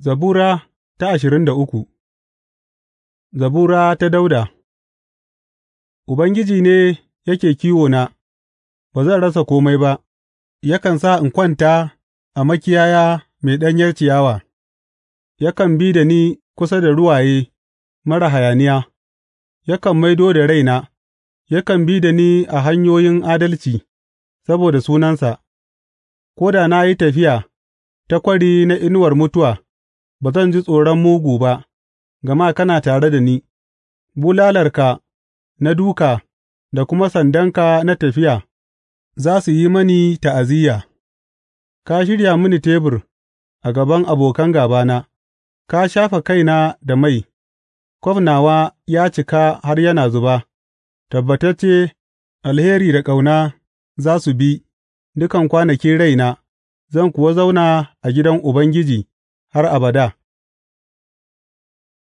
Zabura ta ashirin da uku Zabura ta Dauda Ubangiji ne yake na. ba zan rasa komai ba; yakan sa in kwanta a makiyaya mai ɗanyar ciyawa, yakan bi da ni kusa da ruwaye mara hayaniya, yakan maido da raina, yakan bi da ni a hanyoyin adalci saboda sunansa, ko da na yi tafiya ta kwari na inuwar mutuwa. ba zan ji tsoron mugu ba, gama kana tare da ni, bulalarka na duka da kuma sandanka na tafiya za su yi mani ta'aziyya, ka shirya mini tebur a gaban abokan gabana. ka shafa kaina da mai, kwaf nawa ya cika har yana zuba, tabbatacce alheri da ƙauna za su bi dukan kwanakin raina, zan kuwa zauna a gidan Ubangiji har abada.